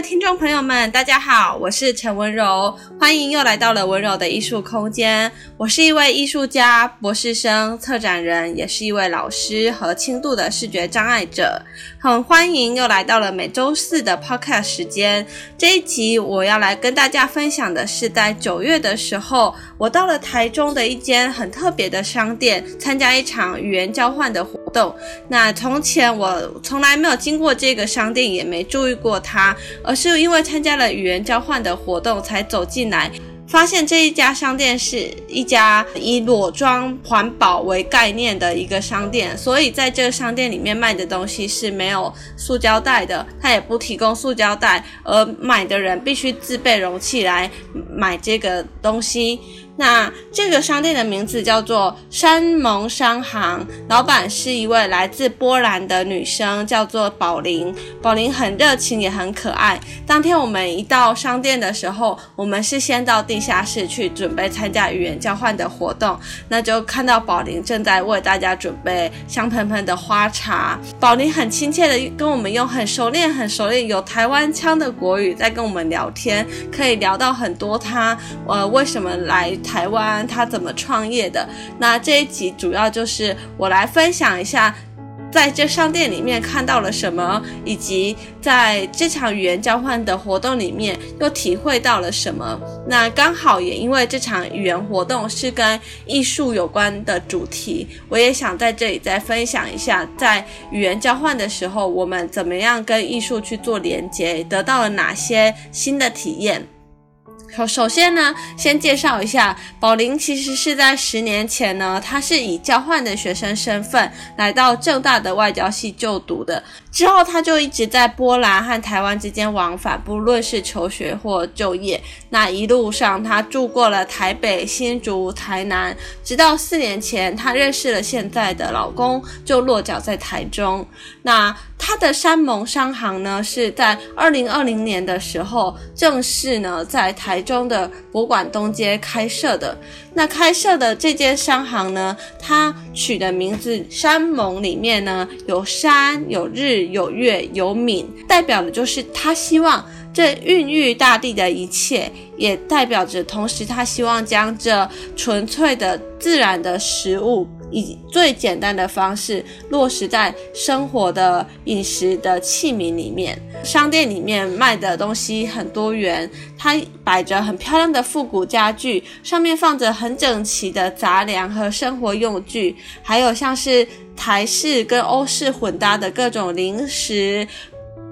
聽眾朋友們，大家好，我是陳溫柔，歡迎又來到了溫柔的藝術空間。我是一位藝術家、博士生、策展人，也是一位老師和輕度的視覺障礙者。很歡迎又來到了每周四的 Podcast 時間。這一集我要來跟大家分享的是，在九月的時候，我到了台中的一間很特別的商店，參加一場語言交換的活活動。那從前我從來沒有經過這個商店，也沒注意過它，而是因為參加了語言交換的活動才走進來，發現這一家商店是一家以裸裝環保為概念的一個商店，所以在這個商店裡面賣的東西是沒有塑膠袋的，它也不提供塑膠袋，而買的人必須自備容器來買這個東西。那這個商店的名字叫做山盟商行，老闆是一位來自波蘭的女生，叫做寶玲。寶玲很熱情，也很可愛。當天我們一到商店的時候，我們是先到地下室去準備參加語言交換的活動。那就看到寶玲正在為大家準備香噴噴的花茶。寶玲很親切的跟我們用很熟練、很熟練有台灣腔的國語在跟我們聊天，可以聊到很多她呃為什麼來。台灣，他怎麼創業的？那這一集主要就是我來分享一下，在這商店裡面看到了什麼，以及在這場語言交換的活動裡面又體會到了什麼。那剛好也因為這場語言活動是跟藝術有關的主題，我也想在這裡再分享一下，在語言交換的時候，我們怎麼樣跟藝術去做連接，得到了哪些新的體驗。首先呢，先介紹一下寶玲。其實是在十年前呢，她是以交換的學生身份來到政大的外交系就讀的。之後，她就一直在波蘭和台灣之間往返，不論是求學或就業。那一路上，她住過了台北、新竹、台南，直到四年前，她認識了現在的老公，就落腳在台中。那。他的山盟商行呢，是在二零二零年的時候正式呢，在台中的博館東街開設的。那開設的這間商行呢，他取的名字“山盟”裡面呢，有山、有日、有月、有皿，代表的就是他希望這孕育大地的一切，也代表着同時他希望將這純粹的自然的食物。以最簡單的方式落實在生活的飲食的器皿裡面。商店裡面賣的東西很多元，它擺着很漂亮的復古家具，上面放着很整齊的雜糧和生活用具，還有像是台式跟歐式混搭的各種零食、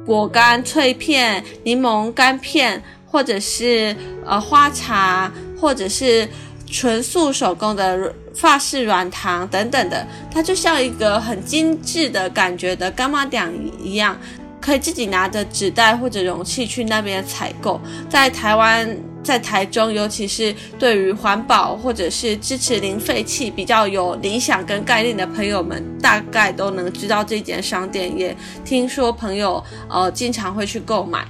果乾、脆片、檸檬乾片，或者是，呃，花茶，或者是。純素手工的髮飾、軟糖等等的，它就像一個很精致的感覺的柑仔店一樣，可以自己拿着紙袋或者容器去那邊採購。在台灣，在台中，尤其是對於環保或者是支持零廢棄比較有理想跟概念的朋友們，大概都能知道這間商店。也聽說朋友呃經常會去購買。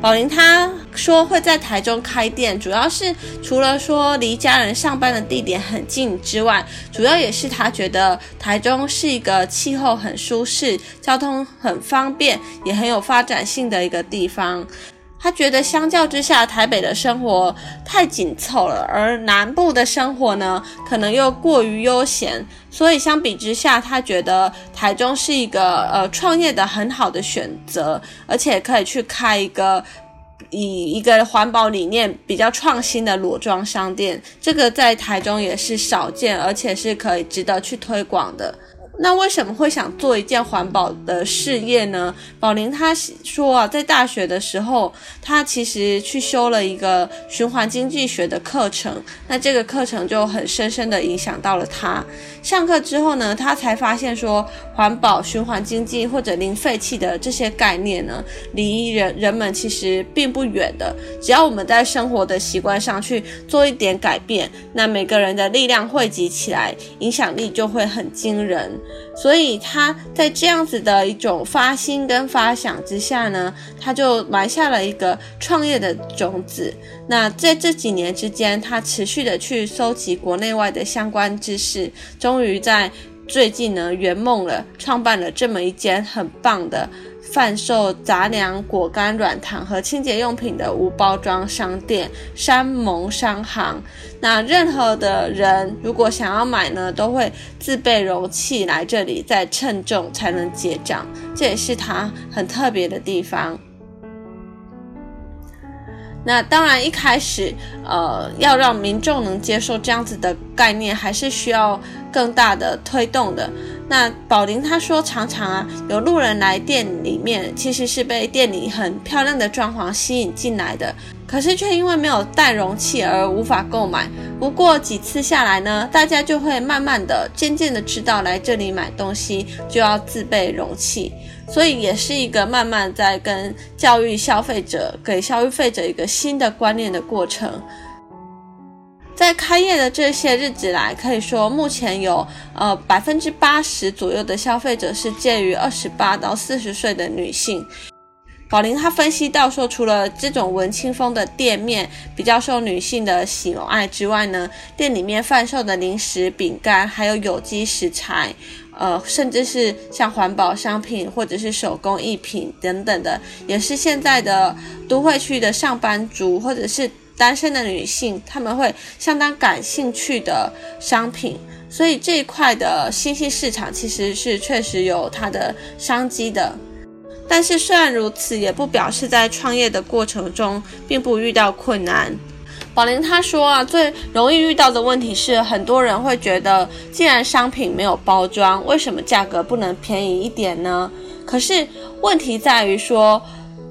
寶玲她說會在台中開店，主要是除了說離家人上班的地點很近之外，主要也是她覺得台中是一個氣候很舒適、交通很方便、也很有發展性的一個地方。他覺得相較之下，台北的生活太緊湊了，而南部的生活呢，可能又過於悠閒。所以相比之下，他覺得台中是一個呃創業的很好的選擇，而且可以去開一個以一個環保理念比較創新的裸裝商店。這個在台中也是少見，而且是可以值得去推廣的。那為什麼會想做一件環保的事業呢？寶玲她說啊，在大學的時候，她其實去修了一個循環經濟學的課程。那這個課程就很深深的影響到了她。上課之後呢，她才發現說，環保、循環經濟或者零廢棄的這些概念呢，離人人們其實並不遠的。只要我們在生活的習慣上去做一點改變，那每個人的力量匯集起來，影響力就會很驚人。所以他在這樣子的一種發心跟發想之下呢，他就埋下了一個創業的種子。那在這幾年之間，他持續的去蒐集國內外的相關知識，終於在最近呢圓夢了，創辦了這麼一間很棒的販售雜糧、果乾、軟糖和清潔用品的無包裝商店——山盟商行。那任何的人如果想要買呢，都會自備容器來這裡再稱重才能結賬。這也是它很特別的地方。那當然，一開始，呃，要讓民眾能接受這樣子的概念，還是需要更大的推動的。那寶玲她說，常常啊，有路人來店裡面，其實是被店裡很漂亮的裝潢吸引進來的。可是卻因為沒有帶容器而無法購買。不過幾次下來呢，大家就會慢慢的、漸漸的知道來這裡買東西就要自備容器，所以也是一個慢慢在跟教育消費者、給消費者一個新的觀念的過程。在開業的這些日子來，可以說目前有呃百分之八十左右的消費者是介於二十八到四十歲的女性。寶玲她分析到說，除了這種文青風的店面比較受女性的喜愛之外呢，店裡面販售的零食、餅乾，還有有機食材，呃，甚至是像環保商品或者是手工藝品等等的，也是現在的都會區的上班族或者是單身的女性她們會相當感興趣的商品。所以這一塊的新興市場其實是確實有它的商機的。但是雖然如此，也不表示在創業的過程中並不遇到困難。寶玲他說啊，最容易遇到的問題是，很多人會覺得，既然商品沒有包裝，為什麼價格不能便宜一點呢？可是問題在於說，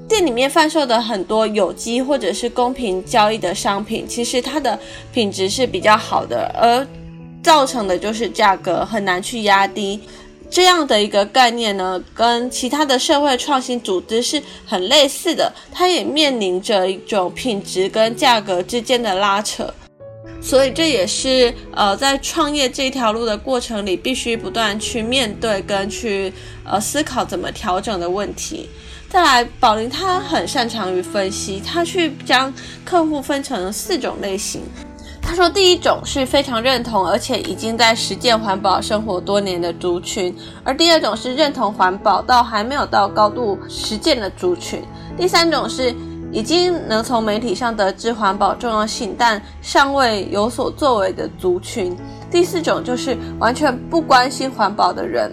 店裡面販售的很多有機或者是公平交易的商品，其實它的品質是比較好的，而造成的就是價格很難去壓低。這樣的一個概念呢，跟其他的社會創新組織是很類似的，它也面臨着一種品質跟價格之間的拉扯，所以這也是呃在創業這條路的過程裡，必須不斷去面對跟去呃思考怎麼調整的問題。再來，寶玲她很擅長於分析，她去將客戶分成四種類型。他說，第一種是非常認同，而且已經在實踐環保生活多年的族群；而第二種是認同環保到還沒有到高度實踐的族群；第三種是已經能從媒體上得知環保重要性，但尚未有所作為的族群；第四種就是完全不關心環保的人。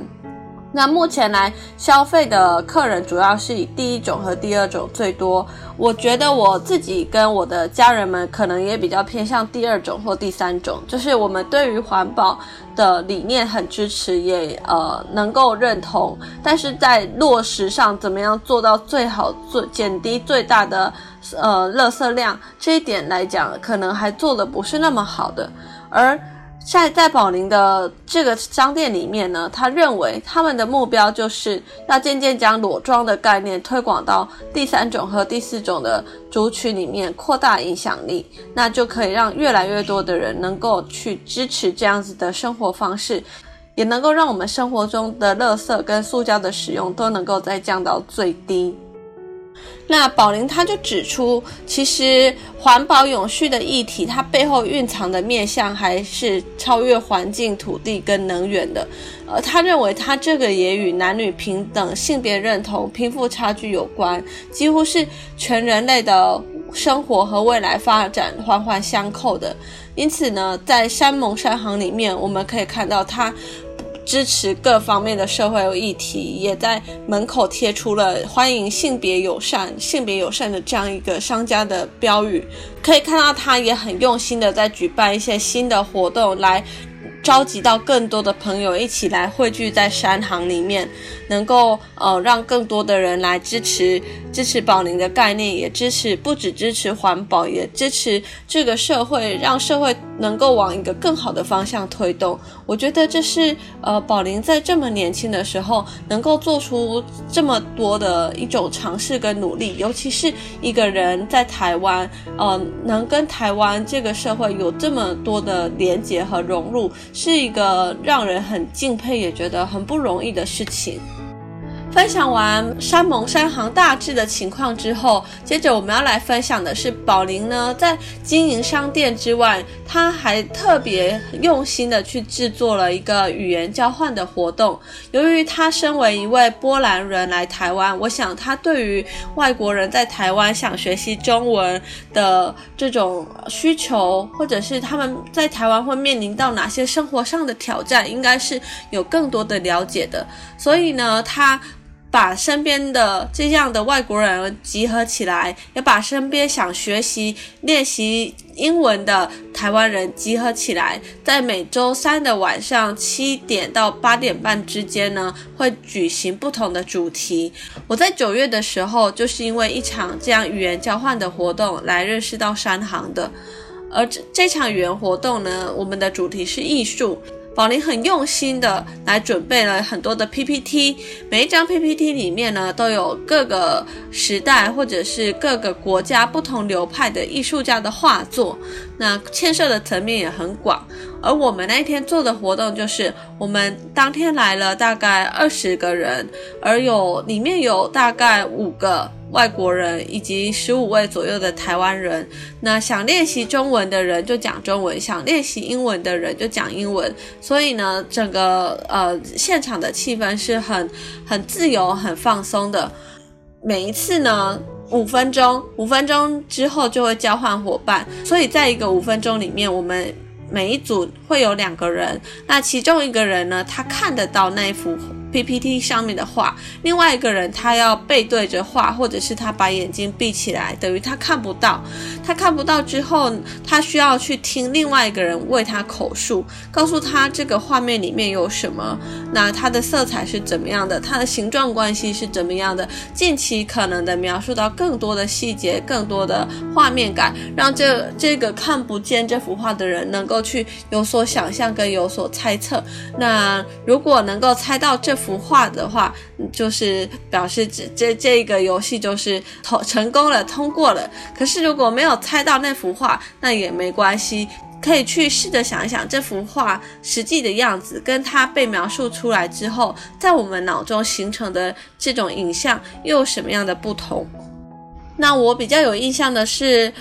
那目前來消費的客人主要是以第一種和第二種最多。我覺得我自己跟我的家人們可能也比較偏向第二種或第三種，就是我們對於環保的理念很支持，也呃能夠認同。但是在落實上，怎麼樣做到最好、做減低最大的呃垃圾量，這一點來講，可能還做的不是那麼好的。而現在在寶玲的這個商店裡面呢，他認為他們的目標就是要漸漸將裸裝的概念推廣到第三種和第四種的族群裡面，擴大影響力。那就可以讓越來越多的人能夠去支持這樣子的生活方式，也能夠讓我們生活中的垃圾跟塑膠的使用都能夠再降到最低。那寶玲他就指出，其實環保永續的議題，它背後蘊藏的面向還是超越環境、土地跟能源的。呃，他認為他這個也與男女平等、性別認同、貧富差距有關，幾乎是全人類的生活和未來發展環環相扣的。因此呢，在山盟商行裡面，我們可以看到他。支持各方面的社會議題，也在門口貼出了歡迎性別友善、性別友善的這樣一個商家的標語。可以看到，他也很用心的在舉辦一些新的活動來。召集到更多的朋友一起來匯聚在山行裡面，能夠呃讓更多的人來支持支持寶玲的概念，也支持不只支持環保，也支持這個社會，讓社會能夠往一個更好的方向推動。我覺得這是呃寶玲在這麼年輕的時候能夠做出這麼多的一種嘗試跟努力，尤其是一個人在台灣呃能跟台灣這個社會有這麼多的連接和融入。是一個讓人很敬佩，也覺得很不容易的事情。分享完山盟商行大致的情況之後，接着我們要來分享的是寶玲呢，在經營商店之外，他還特別用心的去制作了一個語言交換的活動。由於他身為一位波蘭人來台灣，我想他對於外國人在台灣想學習中文的這種需求，或者是他們在台灣會面臨到哪些生活上的挑戰，應該是有更多的了解的。所以呢，他。把身邊的這樣的外國人集合起來，也把身邊想學習練習英文的台灣人集合起來，在每週三的晚上七點到八點半之間呢，會舉行不同的主題。我在九月的時候，就是因為一場這樣語言交換的活動來認識到山盟的，而這，這場語言活動呢，我們的主題是藝術。寶玲很用心的來準備了很多的 PPT，每一張 PPT 裡面呢，都有各個時代或者是各個國家不同流派的藝術家的畫作，那牽涉的層面也很廣。而我們那天做的活動就是，我們當天來了大概二十個人，而有裡面有大概五個外國人以及十五位左右的台灣人。那想練習中文的人就講中文，想練習英文的人就講英文。所以呢，整個呃現場的氣氛是很很自由、很放鬆的。每一次呢，五分鐘，五分鐘之後就會交換伙伴。所以在一個五分鐘裡面，我們。每一組會有兩個人，那其中一個人呢，他看得到那一幅 PPT 上面的畫，另外一個人他要背對着畫，或者是他把眼睛閉起來，等於他看不到。他看不到之後，他需要去聽另外一個人為他口述，告訴他這個畫面裡面有什麼，那它的色彩是怎麼樣的，它的形狀關係是怎麼樣的，盡其可能的描述到更多的細節，更多的畫面感，讓這這個看不見這幅畫的人能夠去有所想象跟有所猜測。那如果能夠猜到這幅幅畫的話，就是表示這這這個遊戲就是成功了，通過了。可是如果沒有猜到那幅畫，那也沒關係，可以去試着想一想這幅畫實際的樣子，跟它被描述出來之後，在我們腦中形成的這種影像又有什麼樣的不同？那我比較有印象的是，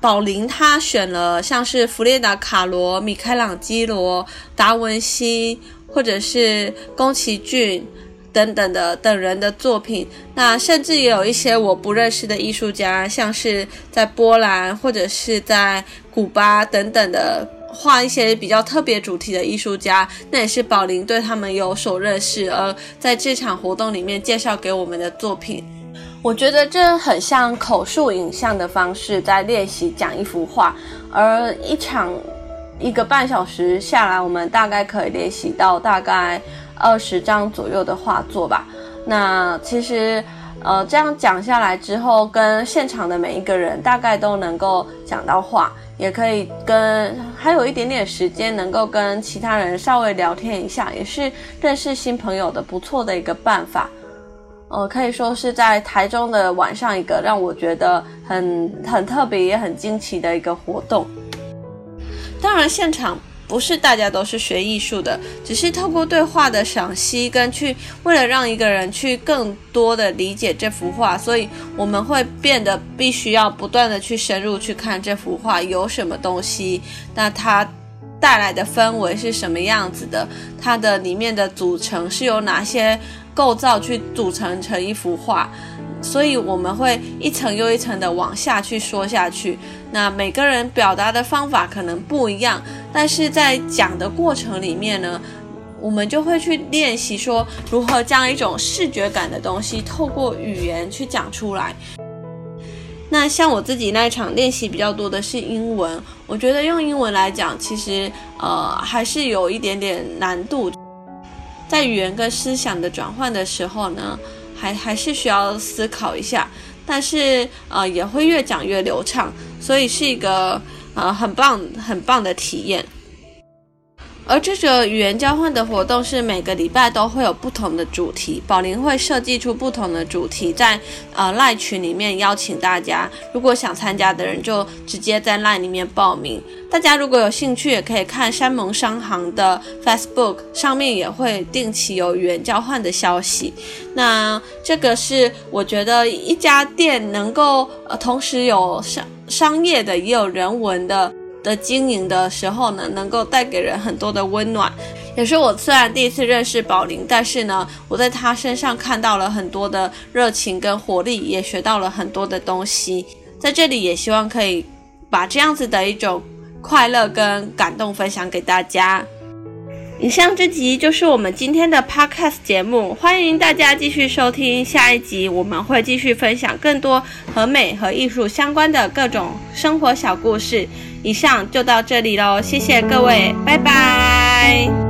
寶玲他選了像是弗列達·卡羅、米開朗基羅、達文西。或者是宮崎駿等等的等人的作品，那甚至也有一些我不認識的藝術家，像是在波蘭或者是在古巴等等的畫一些比較特別主題的藝術家，那也是寶玲對他們有所認識，而在這場活動裡面介紹給我們的作品。我覺得這很像口述影像的方式，在練習講一幅畫，而一場。一個半小時下來，我們大概可以練習到大概二十張左右的畫作吧。那其實，呃，這樣講下來之後，跟現場的每一個人，大概都能夠講到話，也可以跟還有一點點時間，能夠跟其他人稍微聊天一下，也是認識新朋友的不錯的一個辦法。呃，可以說是在台中的晚上一個讓我覺得很很特別也很驚奇的一個活動。當然，現場不是大家都是學藝術的，只是透過對畫的賞析跟去，為了讓一個人去更多的理解這幅畫，所以我們會變得必須要不斷的去深入去看這幅畫有什麼東西，那它帶來的氛圍是什麼樣子的，它的裡面的組成是有哪些，構造去組成成一幅畫，所以我們會一層又一層地往下去說下去。那每個人表達的方法可能不一樣，但是在講的過程裡面呢，我們就會去練習說如何將一種視覺感的東西透過語言去講出來。那像我自己那一場練習比較多的是英文，我覺得用英文來講，其實呃還是有一點點難度。在語言跟思想的轉換的時候呢，還還是需要思考一下，但是啊，呃，也會越講越流暢，所以是一個呃很棒很棒的體驗。而這個語言交換的活動是每個禮拜都會有不同的主題，寶玲會設計出不同的主題，在呃 LINE 群裡面邀請大家，如果想參加的人就直接在 LINE 裡面報名。大家如果有興趣，也可以看山盟商行的 Facebook，上面也會定期有語言交換的消息。那這個是我覺得一家店能夠呃同時有商商業的，也有人文的。的經營的時候呢，能夠帶給人很多的溫暖，也是我雖然第一次認識寶玲，但是呢，我在她身上看到了很多的熱情跟活力，也學到了很多的東西。在這裡也希望可以把這樣子的一種快樂跟感動分享給大家。以上這集就是我們今天的 Podcast 節目，歡迎大家繼續收聽下一集，我們會繼續分享更多和美和藝術相關的各種生活小故事。以上就到這裡嘍，謝謝各位，拜拜。